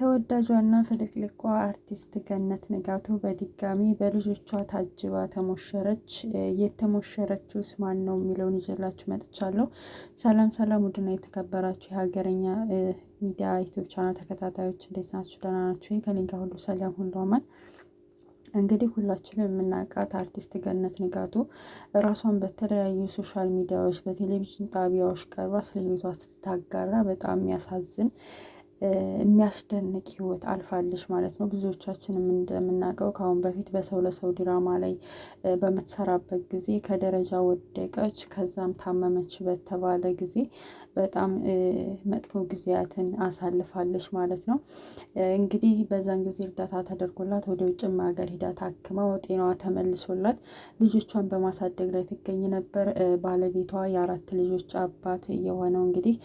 ተወዳጇና ፍልቅልቋ አርቲስት ገነት ንጋቱ በድጋሚ በልጆቿ ታጅባ ተሞሸረች። የተሞሸረችውስ ማን ነው የሚለውን ይዤላችሁ መጥቻለሁ። ሰላም ሰላም! ውድና የተከበራችሁ የሀገረኛ ሚዲያ ዩቲዩብ ቻናል ተከታታዮች እንዴት ናችሁ? ደህና ናችሁ? ከኔጋ ሁሉ ሰላም፣ ሁሉ አማን እንግዲህ ሁላችንም የምናውቃት አርቲስት ገነት ንጋቱ ራሷን በተለያዩ ሶሻል ሚዲያዎች፣ በቴሌቪዥን ጣቢያዎች ቀርባ ስለ ሕይወቷ ስታጋራ በጣም የሚያሳዝን የሚያስደንቅ ህይወት አልፋለች ማለት ነው። ብዙዎቻችንም እንደምናውቀው ከአሁን በፊት በሰው ለሰው ድራማ ላይ በምትሰራበት ጊዜ ከደረጃ ወደቀች፣ ከዛም ታመመች በተባለ ጊዜ በጣም መጥፎ ጊዜያትን አሳልፋለች ማለት ነው። እንግዲህ በዛን ጊዜ እርዳታ ተደርጎላት ወደ ውጭም ሀገር ሂዳ ታክማ ጤናዋ ተመልሶላት ልጆቿን በማሳደግ ላይ ትገኝ ነበር። ባለቤቷ የአራት ልጆች አባት የሆነው እንግዲህ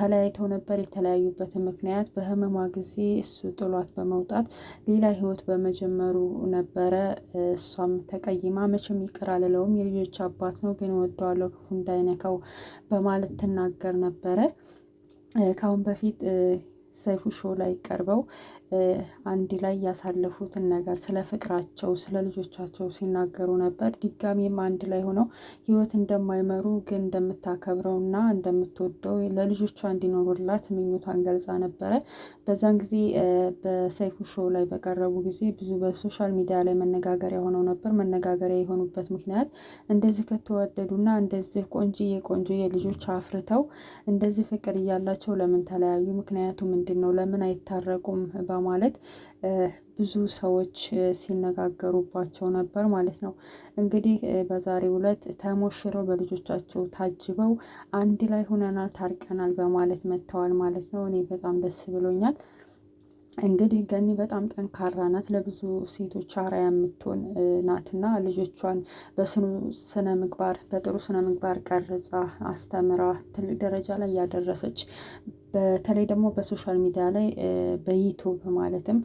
ተለያይተው ነበር። የተለያዩበትን ምክንያት ምክንያት በህመሟ ጊዜ እሱ ጥሏት በመውጣት ሌላ ህይወት በመጀመሩ ነበረ። እሷም ተቀይማ መቼም ይቅር አልለውም የልጆች አባት ነው ግን ወደዋለው ክፉ እንዳይነካው በማለት ትናገር ነበረ። ከአሁን በፊት ሰይፉ ሾው ላይ ቀርበው አንድ ላይ ያሳለፉትን ነገር ስለ ፍቅራቸው፣ ስለ ልጆቻቸው ሲናገሩ ነበር። ድጋሜም አንድ ላይ ሆነው ህይወት እንደማይመሩ ግን እንደምታከብረው እና እንደምትወደው ለልጆቿ እንዲኖሩላት ምኞቷን ገልጻ ነበረ። በዛን ጊዜ በሰይፉ ሾው ላይ በቀረቡ ጊዜ ብዙ በሶሻል ሚዲያ ላይ መነጋገሪያ ሆነው ነበር። መነጋገሪያ የሆኑበት ምክንያት እንደዚህ ከተወደዱና እንደዚህ ቆንጆዬ ቆንጆዬ ልጆች አፍርተው እንደዚህ ፍቅር እያላቸው ለምን ተለያዩ? ምክንያቱ ምንድን ምንድን ነው ለምን አይታረቁም በማለት ብዙ ሰዎች ሲነጋገሩባቸው ነበር ማለት ነው። እንግዲህ በዛሬው ዕለት ተሞሽረው በልጆቻቸው ታጅበው አንድ ላይ ሆነናል ታርቀናል በማለት መጥተዋል ማለት ነው። እኔ በጣም ደስ ብሎኛል። እንግዲህ ገኒ በጣም ጠንካራ ናት፣ ለብዙ ሴቶች አርአያ የምትሆን ናትና ልጆቿን በስኑ ስነ ምግባር በጥሩ ስነ ምግባር ቀርጻ አስተምራ ትልቅ ደረጃ ላይ ያደረሰች በተለይ ደግሞ በሶሻል ሚዲያ ላይ በዩቱብ ማለትም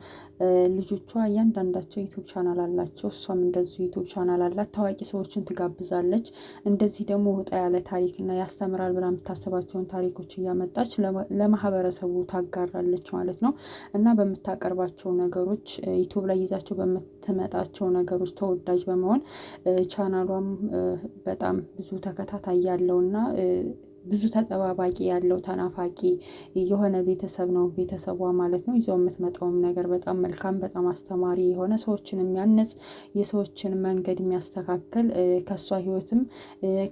ልጆቿ እያንዳንዳቸው ዩቱብ ቻናል አላቸው። እሷም እንደዚሁ ዩቱብ ቻናል አላት። ታዋቂ ሰዎችን ትጋብዛለች። እንደዚህ ደግሞ ወጣ ያለ ታሪክና ያስተምራል ብላ የምታስባቸውን ታሪኮች እያመጣች ለማህበረሰቡ ታጋራለች ማለት ነው እና በምታቀርባቸው ነገሮች ዩቱብ ላይ ይዛቸው በምትመጣቸው ነገሮች ተወዳጅ በመሆን ቻናሏም በጣም ብዙ ተከታታይ ያለውና ብዙ ተጠባባቂ ያለው ተናፋቂ የሆነ ቤተሰብ ነው ቤተሰቧ ማለት ነው። ይዘው የምትመጣውም ነገር በጣም መልካም፣ በጣም አስተማሪ የሆነ ሰዎችን የሚያነጽ የሰዎችን መንገድ የሚያስተካክል ከእሷ ህይወትም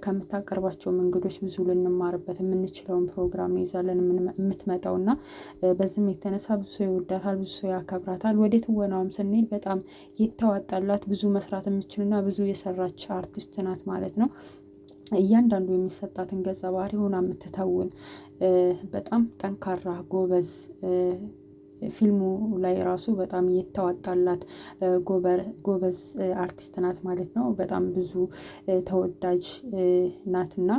ከምታቀርባቸው መንገዶች ብዙ ልንማርበት የምንችለውን ፕሮግራም ነው ይዛለን የምትመጣው እና በዚህም የተነሳ ብዙ ሰው ይወዳታል፣ ብዙ ሰው ያከብራታል። ወደ ትወናውም ስንሄድ በጣም የተዋጣላት ብዙ መስራት የምችልና ብዙ የሰራች አርቲስት ናት ማለት ነው። እያንዳንዱ የሚሰጣትን ገጸ ሆና የምትተውን በጣም ጠንካራ ጎበዝ ፊልሙ ላይ ራሱ በጣም የተዋጣላት ጎበዝ አርቲስት ናት ማለት ነው። በጣም ብዙ ተወዳጅ ናትና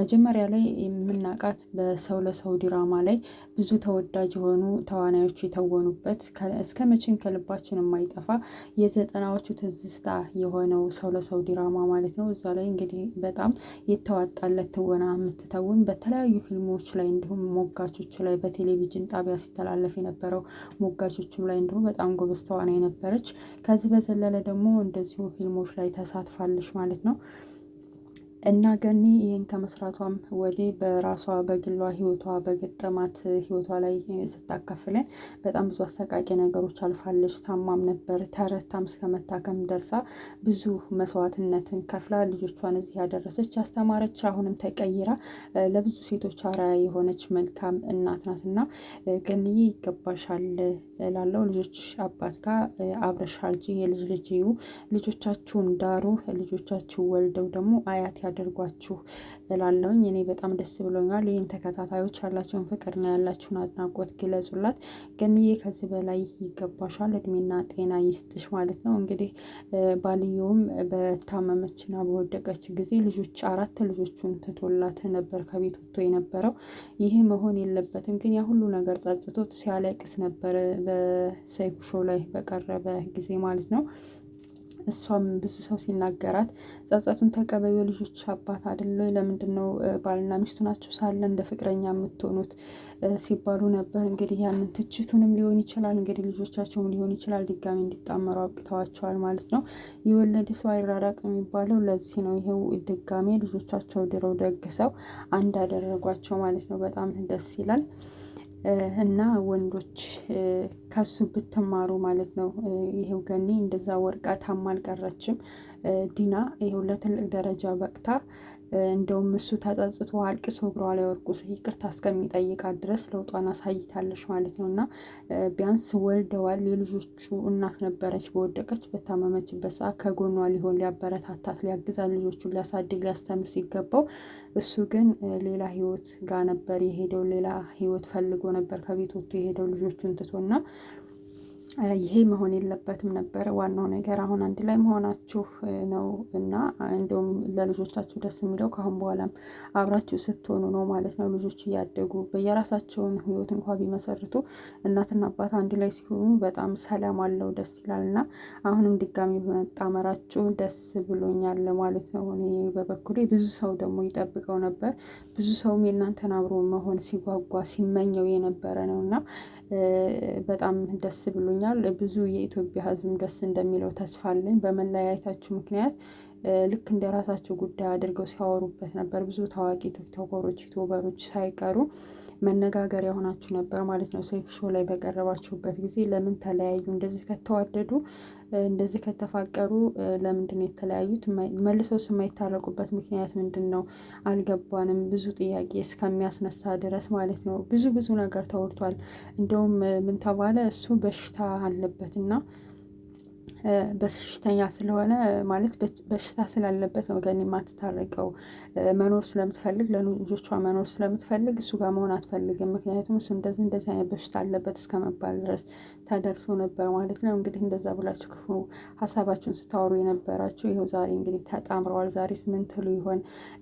መጀመሪያ ላይ የምናውቃት በሰው ለሰው ዲራማ ላይ ብዙ ተወዳጅ የሆኑ ተዋናዮች የተወኑበት እስከ መቼም ከልባችን የማይጠፋ የዘጠናዎቹ ትዝታ የሆነው ሰው ለሰው ዲራማ ማለት ነው። እዛ ላይ እንግዲህ በጣም የተዋጣለት ትወና የምትተውን በተለያዩ ፊልሞች ላይ እንዲሁም ሞጋቾች ላይ በቴሌቪዥን ጣቢያ ሲተላለፍ የነበረው። ሞጋቾችም ላይ እንዲሁም በጣም ጎበዝ ተዋናይ ነበረች። ከዚህ በዘለለ ደግሞ እንደዚሁ ፊልሞች ላይ ተሳትፋለች ማለት ነው። እና ገኒ ይህን ከመስራቷም ወዲህ በራሷ በግሏ ህይወቷ በገጠማት ህይወቷ ላይ ስታካፍለን በጣም ብዙ አሰቃቂ ነገሮች አልፋለች። ታማም ነበር፣ ተረታም እስከመታከም ደርሳ ብዙ መስዋዕትነትን ከፍላ ልጆቿን እዚህ ያደረሰች ያስተማረች፣ አሁንም ተቀይራ ለብዙ ሴቶች አርአያ የሆነች መልካም እናት ናት እና ገንዬ ይገባሻል ላለው ልጆች አባት ጋር አብረሻል የልጅ ልጅ ልጆቻችሁን ዳሩ ልጆቻችሁ ወልደው ደግሞ አያት ብታደርጓችሁ እላለሁኝ። እኔ በጣም ደስ ብሎኛል። ይህን ተከታታዮች ያላችሁን ፍቅርና ያላችሁን አድናቆት ግለጹላት። ገንዬ ከዚህ በላይ ይገባሻል፣ እድሜና ጤና ይስጥሽ ማለት ነው። እንግዲህ ባልየውም በታመመችና በወደቀች ጊዜ ልጆች አራት ልጆቹን ትቶላት ነበር ከቤት ወጥቶ የነበረው። ይህ መሆን የለበትም ግን ያ ሁሉ ነገር ጸጽቶት ሲያለቅስ ነበር በሰይፉ ሾው ላይ በቀረበ ጊዜ ማለት ነው። እሷም ብዙ ሰው ሲናገራት ጸጸቱን ተቀበዩ የልጆች አባት አደለ፣ ለምንድን ነው ባልና ሚስቱ ናቸው ሳለ እንደ ፍቅረኛ የምትሆኑት ሲባሉ ነበር። እንግዲህ ያንን ትችቱንም ሊሆን ይችላል እንግዲህ ልጆቻቸውም ሊሆን ይችላል ድጋሚ እንዲጣመሩ አብቅተዋቸዋል ማለት ነው። የወለደ ሰው አይራራቅ የሚባለው ለዚህ ነው። ይሄው ድጋሜ ልጆቻቸው ድረው ደግሰው አንድ አደረጓቸው ማለት ነው። በጣም ደስ ይላል። እና ወንዶች ከሱ ብትማሩ ማለት ነው። ይሄው ገኒ እንደዛ ወርቃ ታማ አልቀረችም። ዲና ይሄው ለትልቅ ደረጃ በቅታ እንደውም እሱ ተጸጽቶ አልቅሶ እግሯ ላይ ወርቁ ይቅርታ እስከሚጠይቃት ድረስ ለውጧን አሳይታለች ማለት ነው። እና ቢያንስ ወልደዋል። የልጆቹ እናት ነበረች። በወደቀች በታመመችበት ሰዓት ከጎኗ ሊሆን ሊያበረታታት፣ ሊያግዛት፣ ልጆቹን ሊያሳድግ፣ ሊያስተምር ሲገባው እሱ ግን ሌላ ህይወት ጋር ነበር የሄደው። ሌላ ህይወት ፈልጎ ነበር ከቤት ወጥቶ የሄደው ልጆቹን ትቶ እና ይሄ መሆን የለበትም ነበር ዋናው ነገር አሁን አንድ ላይ መሆናችሁ ነው እና እንዲሁም ለልጆቻችሁ ደስ የሚለው ከአሁን በኋላም አብራችሁ ስትሆኑ ነው ማለት ነው። ልጆች እያደጉ በየራሳቸውን ህይወት እንኳ ቢመሰርቱ እናትና አባት አንድ ላይ ሲሆኑ በጣም ሰላም አለው፣ ደስ ይላል እና አሁንም ድጋሚ በመጣመራችሁ ደስ ብሎኛል ማለት ነው። እኔ በበኩሌ ብዙ ሰው ደግሞ ይጠብቀው ነበር። ብዙ ሰውም የእናንተን አብሮ መሆን ሲጓጓ ሲመኘው የነበረ ነው እና በጣም ደስ ብሎኛል። ብዙ የኢትዮጵያ ሕዝብም ደስ እንደሚለው ተስፋ አለኝ። በመለያየታችሁ ምክንያት ልክ እንደ ራሳቸው ጉዳይ አድርገው ሲያወሩበት ነበር። ብዙ ታዋቂ ቲክቶከሮች፣ ዩቱበሮች ሳይቀሩ መነጋገሪያ ሆናችሁ ነበር ማለት ነው። ሰይፉ ሾ ላይ በቀረባችሁበት ጊዜ ለምን ተለያዩ? እንደዚህ ከተዋደዱ እንደዚህ ከተፋቀሩ ለምንድን ነው የተለያዩት? መልሰው የማይታረቁበት ምክንያት ምንድን ነው? አልገባንም። ብዙ ጥያቄ እስከሚያስነሳ ድረስ ማለት ነው። ብዙ ብዙ ነገር ተወርቷል። እንደውም ምን ተባለ? እሱ በሽታ አለበት እና በሽተኛ ስለሆነ ማለት በሽታ ስላለበት ነው ገኒ የማትታረቀው። መኖር ስለምትፈልግ ለልጆቿ መኖር ስለምትፈልግ እሱ ጋር መሆን አትፈልግም። ምክንያቱም እሱ እንደዚህ እንደዚህ አይነት በሽታ አለበት እስከ መባል ድረስ ተደርሶ ነበር ማለት ነው። እንግዲህ እንደዛ ብላችሁ ክፉ ሀሳባችሁን ስታወሩ የነበራችሁ ይኸው ዛሬ እንግዲህ ተጣምረዋል። ዛሬ ስምንትሉ ይሆን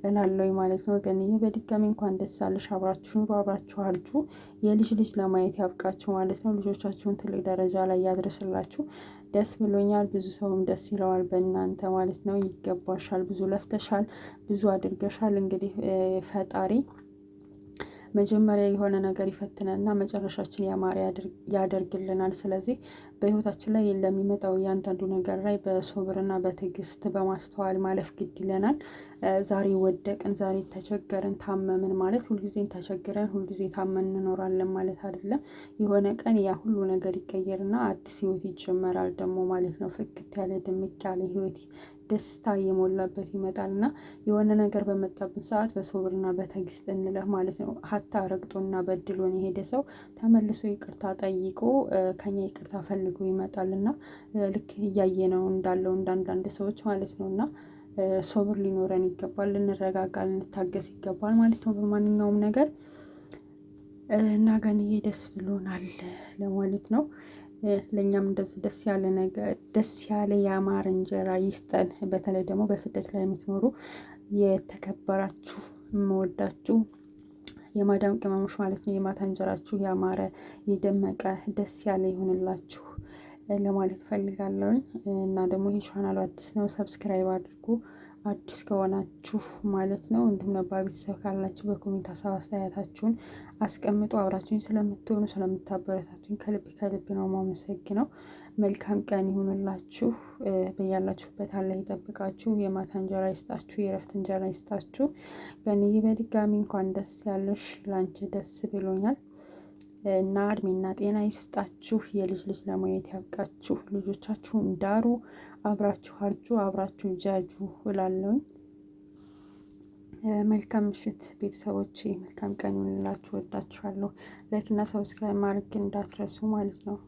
እላለሁኝ ማለት ነው። ገኒዬ በድጋሚ እንኳን ደስ አለሽ። አብራችሁ ኑሮ፣ አብራችሁ አርጁ። የልጅ ልጅ ለማየት ያብቃችሁ ማለት ነው። ልጆቻችሁን ትልቅ ደረጃ ላይ ያድረስላችሁ። ደስ ብሎኛል። ብዙ ሰውም ደስ ይለዋል በእናንተ ማለት ነው። ይገባሻል፣ ብዙ ለፍተሻል፣ ብዙ አድርገሻል። እንግዲህ ፈጣሪ መጀመሪያ የሆነ ነገር ይፈትነና መጨረሻችን ያማረ ያደርግልናል። ስለዚህ በህይወታችን ላይ ለሚመጣው እያንዳንዱ ነገር ላይ በሶብርና በትዕግስት በማስተዋል ማለፍ ግድ ይለናል። ዛሬ ወደቅን፣ ዛሬ ተቸገርን፣ ታመምን ማለት ሁልጊዜም ተቸግረን ሁልጊዜ ታመን እንኖራለን ማለት አይደለም። የሆነ ቀን ያ ሁሉ ነገር ይቀየርና አዲስ ህይወት ይጀመራል ደግሞ ማለት ነው። ፍክት ያለ ድምቅ ያለ ህይወት ደስታ የሞላበት ይመጣል እና የሆነ ነገር በመጣብን ሰዓት በሶብርና በትዕግስት እንለህ ማለት ነው። ሀታ ረግጦና በድሎን የሄደ ሰው ተመልሶ ይቅርታ ጠይቆ ከኛ ይቅርታ ፈልጎ ይመጣል እና ልክ እያየ ነው እንዳለው እንዳንዳንድ ሰዎች ማለት ነው እና ሶብር ሊኖረን ይገባል። ልንረጋጋ፣ ልንታገስ ይገባል ማለት ነው በማንኛውም ነገር እና ገንዬ ደስ ብሎናል ለማለት ነው። ለእኛም እንደዚህ ደስ ያለ ነገር ደስ ያለ የአማረ እንጀራ ይስጠን። በተለይ ደግሞ በስደት ላይ የምትኖሩ የተከበራችሁ የምወዳችሁ የማዳም ቅመሞች ማለት ነው። የማታ እንጀራችሁ ያማረ የደመቀ ደስ ያለ ይሆንላችሁ ለማለት ፈልጋለሁኝ እና ደግሞ ይህ ቻናሉ አዲስ ነው፣ ሰብስክራይብ አድርጉ። አዲስ ከሆናችሁ ማለት ነው። እንዲሁም ነባር ቤተሰብ ካልናችሁ በኮሜንት ሀሳብ አስተያየታችሁን አስቀምጡ። አብራችሁን ስለምትሆኑ ስለምታበረታቱኝ ከልብ ከልብ ነው ማመሰግነው። መልካም ቀን ይሁንላችሁ። በያላችሁበት አላህ ይጠብቃችሁ። የማታ እንጀራ ይስጣችሁ። የእረፍት እንጀራ ይስጣችሁ። ገንዬ በድጋሚ እንኳን ደስ ያለሽ። ላንቺ ደስ ብሎኛል። እና እድሜና ጤና ይስጣችሁ። የልጅ ልጅ ለማየት ያብቃችሁ። ልጆቻችሁን ዳሩ። አብራችሁ አርጁ፣ አብራችሁ ጃጁ እላለሁኝ። መልካም ምሽት ቤተሰቦች፣ መልካም ቀን ይሁንላችሁ። ወዳችኋለሁ። ላይክ እና ሰብስክራይብ ማድረግ እንዳትረሱ ማለት ነው።